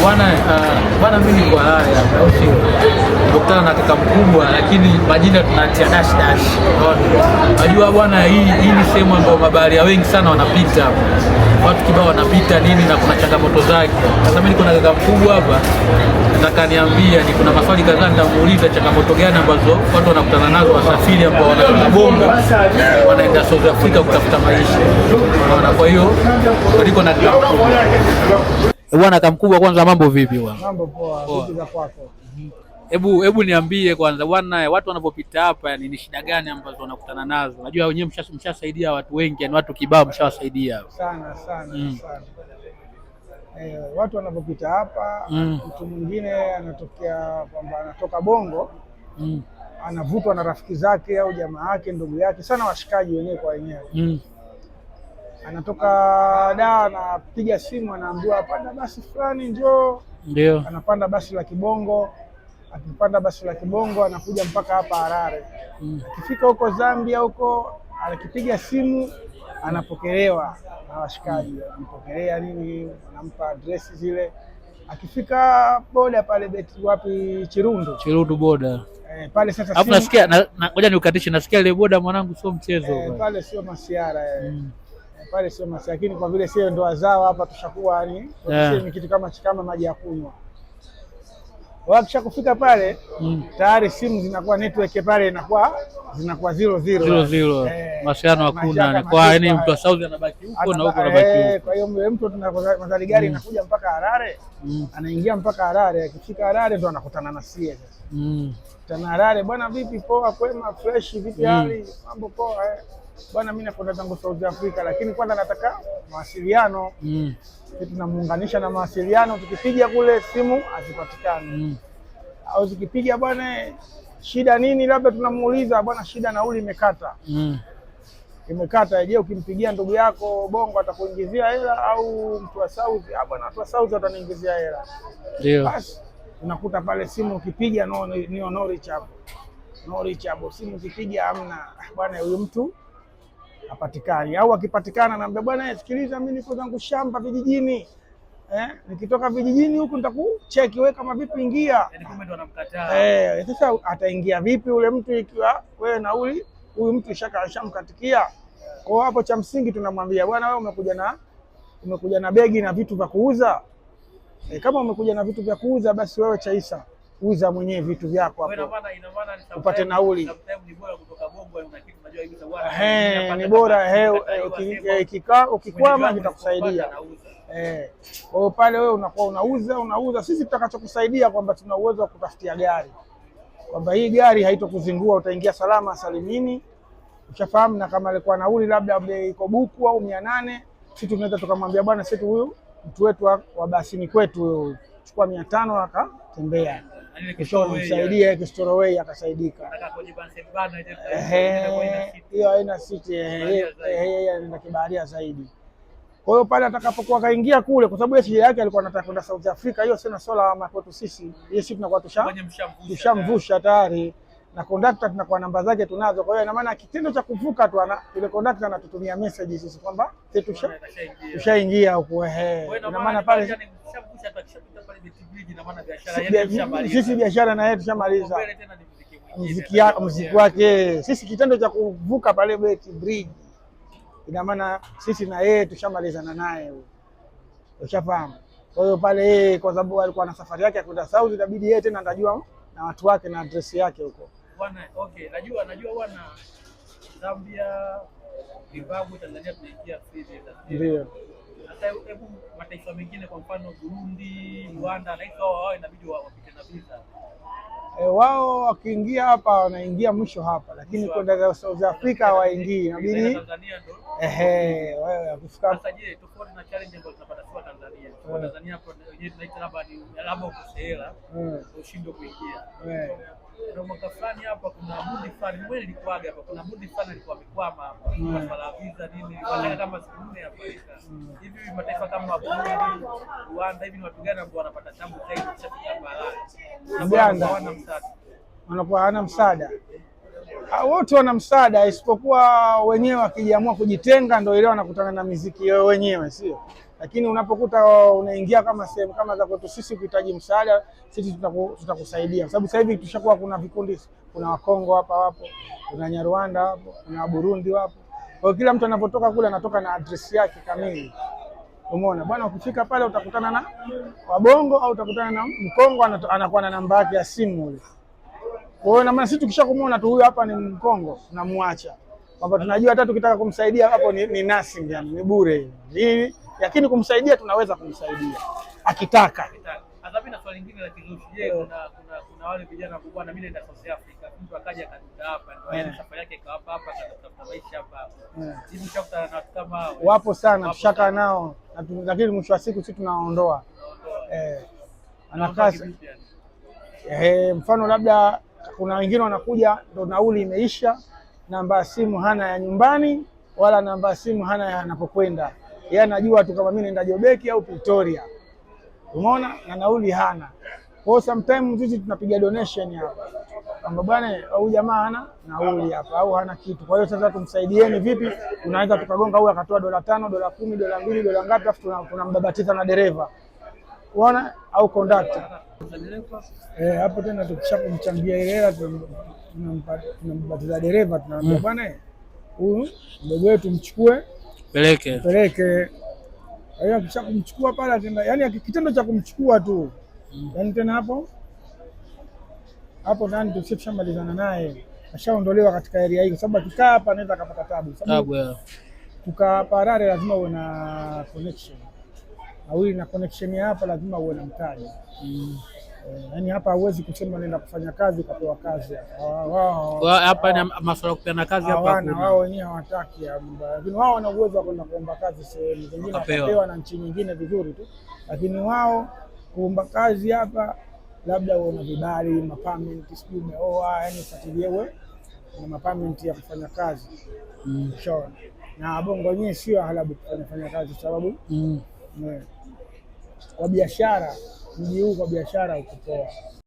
Bwana uh, bwana, mimi niko halali hapa, kutana na kaka mkubwa, lakini majina tunatia dash dash. Unajua bwana, hii hii ni sehemu ambayo mabaharia wengi sana wanapita watu kibao wanapita nini, na kuna changamoto zake. Sasa mimi niko na kaka mkubwa hapa, nataka niambia ni kuna maswali kadhaa nitamuuliza, changamoto gani ambazo watu wanakutana nazo, wasafiri ambao wanatoka Bongo wanaenda South Africa kutafuta maisha. Kwa hiyo niko na kaka mkubwa Bwana Kamkubwa, kwanza mambo vipi bwana? Mambo poa, vipi za kwako? Hebu hebu niambie kwanza bwana, watu wanavyopita hapa yani, ni shida gani ambazo wanakutana nazo? Najua wenyewe mshasaidia watu wengi, yani watu kibao mshawasaidia sana sana, mm. sana. E, watu wanapopita hapa mm. mtu mwingine anatokea kwamba anatoka Bongo mm. anavutwa na rafiki zake au jamaa yake ndugu yake sana, washikaji wenyewe kwa wenyewe mm anatoka da, anapiga simu, anaambiwa apanda basi fulani, njoo. Ndio anapanda basi la Kibongo. Akipanda basi la Kibongo anakuja mpaka hapa Harare. Mm. Akifika huko Zambia huko akipiga simu anapokelewa na washikaji, anapokelea nini, anampa adresi zile. Akifika boda pale beti wapi, Chirundu, Chirundu boda eh, pale sasa hapo nasikia, ngoja na, nikukatishe, nasikia ile boda mwanangu sio mchezo e, pale sio masiara e. Mm pale sio masaa, lakini kwa vile sio ndoa zao hapa tushakuwa ni yeah. kitu kama chikama maji ya kunywa wakisha kufika pale mm. tayari simu zinakuwa network pale inakuwa zinakuwa zero zero zero zero, eh, mashano hakuna. Kwa yani mtu wa Saudi anabaki huko na huko anabaki eh, huko. Kwa hiyo mtu tunakozali gari mm. inakuja mpaka Harare mm. anaingia mpaka Harare, akifika Harare ndo anakutana na sie sasa mm. tana Harare, bwana vipi, poa, kwema, fresh, vipi mm. hali, mambo poa eh bwana, mimi nakwenda zangu South Africa, lakini kwanza nataka mawasiliano mm. Tunamuunganisha na mawasiliano, tukipiga kule simu hazipatikani mm. au zikipiga bwana, shida nini? Labda tunamuuliza bwana, shida nauli imekata mm. imekata. Je, ukimpigia ndugu yako Bongo atakuingizia hela au mtu wa South? Ah, bwana, watu wa South wataniingizia hela, ndio basi unakuta pale simu ukipiga no, no, no reachable no reachable, simu ukipiga amna ah, bwana, huyu mtu hapatikani, au akipatikana naambia bwana, sikiliza, mimi niko zangu shamba vijijini eh, nikitoka vijijini huku nitakucheki wewe kama vipi, ingia. Yaani eh, ataingia vipi ule mtu ikiwa wewe nauli huyu mtu shaka ashamkatikia Kwa hapo cha msingi tunamwambia bwana, wewe umekuja na umekuja na begi na vitu vya kuuza e, kama umekuja na vitu vya kuuza basi wewe Chaisa uza mwenyewe vitu vyako hapo upate nauli. Eh, ni bora eh, eh, ukikwama kitakusaidia. Kwa hiyo pale wewe unakuwa unauza unauza, sisi tutakachokusaidia kwamba tuna uwezo wa kutafutia gari kwamba hii gari haitokuzingua, utaingia salama salimini, ushafahamu. Na kama alikuwa nauli labda iko buku au mia nane, sisi tunaweza tukamwambia bwana, sisi huyu mtu wetu wa basini kwetu chukua mia tano akatembea kisha umemsaidia kistorowei akasaidika. Hiyo haina siti, yeye anaenda kibaharia zaidi. Kwa hiyo pale atakapokuwa kaingia kule, kwa sababu shida yake alikuwa anataka kwenda South Africa, hiyo sina swala kwetu sisi, sisi tunakuwa tushamvusha tayari na kondakta tunakuwa namba zake tunazo. Kwa hiyo ina maana kitendo cha kuvuka tu ana ile kondakta anatutumia message sisi kwamba sisi tusha tushaingia huko, ehe, ina maana pale sisi biashara na yeye tushamaliza muziki mziki muziki wake. Sisi kitendo cha kuvuka pale Beti Bridge, ina maana sisi na yeye tushamalizana naye, ushafahamu. Kwa hiyo pale yeye, kwa sababu alikuwa na safari yake ya kwenda Saudi, inabidi yeye tena ndajua na watu wake na address yake huko bwana. Okay, najua najua bwana, Zambia, Zimbabwe, Tanzania tunaingia ndio hata hebu mataifa mengine kwa mfano Burundi, Rwanda na hizo wao inabidi wapite na visa. E, wao wakiingia hapa wanaingia mwisho hapa, lakini kwenda South Africa hawaingii, inabidi Tanzania ndio Ehe, wewe ukifika. Sasa je, tofauti na challenge ambayo tunapata kwa Tanzania. Kwa Tanzania hapo yenyewe tunaita labda ni labda ukosehela, mm. ushindwe kuingia. Eh. Ndio mwaka fulani hapa kuna mudi fulani wewe nilikuaga hapa kuna mudi fulani alikuwa amekwama hapa mm. kwa sababu visa nini kwa kama siku nne hapa hivi mm. hivi mataifa kama Burundi, Rwanda hivi ni watu gani ambao wanapata tabu zaidi cha kutambala? Uganda wanakuwa hawana msaada. Ah, wote wana msaada, isipokuwa wenyewe wakijiamua kujitenga, ndio ile wanakutana na miziki yao wenyewe, sio lakini unapokuta unaingia kama sehemu kama za kwetu sisi, kuhitaji msaada, sisi tutakusaidia, kwa sababu sasa hivi tushakuwa kuna vikundi, kuna Wakongo hapa wapo, kuna Nyarwanda wapo, kuna Burundi wapo. Kwa hiyo kila mtu anapotoka kule anatoka na address yake kamili. Umeona bwana, ukifika pale utakutana na Wabongo au utakutana na Mkongo, anakuwa na namba yake ya simu ile. Kwa hiyo na maana sisi tukishakumuona tu huyu hapa ni Mkongo, tunamwacha kwamba tunajua hata tukitaka kumsaidia hapo ni, ni nasi yani ni bure hii, lakini kumsaidia tunaweza kumsaidia akitaka. Adhabu na swali lingine la kizushi. Je, kuna kuna kuna wale vijana wakubwa na mimi naenda South Africa. Mtu akaja akatuta hapa ndio safari yake kwa hapa hapa akatafuta maisha hapa. Hivi Chakuta na watu kama hao. Wapo sana tushaka nao. Lakini mwisho wa siku sisi tunaondoa. Eh. Anakaa eh, mfano labda kuna wengine wanakuja ndo nauli imeisha, namba ya simu hana ya nyumbani wala namba ya simu hana ya anapokwenda yeye, anajua tu kama mimi naenda Jobeki au Pretoria, umeona, na nauli hana. Kwa sometimes sisi tunapiga donation hapa kwamba bwana, au jamaa hana nauli hapa au hana kitu, kwa hiyo sasa tumsaidieni vipi? Unaweza tukagonga, huyu akatoa dola tano, dola kumi, dola mbili, dola ngapi, afu tunambabatiza na dereva kuona au kondakta eh, hapo tena tukishapomchangia ile hela tunambatiza dereva, tunaambia hmm. bwana, huyu mdogo wetu mchukue, peleke peleke. Kwa hiyo akisha kumchukua pale tena yani kitendo cha kumchukua tu mm. yani tena hapo hapo nani, ndani tukishamalizana naye ashaondolewa katika area hii, kwa sababu akikaa hapa anaweza akapata tabu, sababu kukaa Harare lazima uwe na connection awili na connection ya hapa, lazima uwe na mtaji mm. Eh, yaani hapa hauwezi kusema nenda kufanya kazi ukapewa kazi hapa, masuala kupeana kazi hapa wao wenyewe hawataki, lakini wao wana uwezo wa kwenda kuomba kazi sehemu zingine, wakapewa na nchi nyingine vizuri tu, lakini wao kuomba kazi hapa, labda na vibali mapamenti, sijui umeoa, yani ufuatilie uwe na mapamenti ya kufanya kazi mm. Shona na bongo wenyewe sio halabu kufanya kazi sababu mm kwa biashara, mji huu kwa biashara uko poa.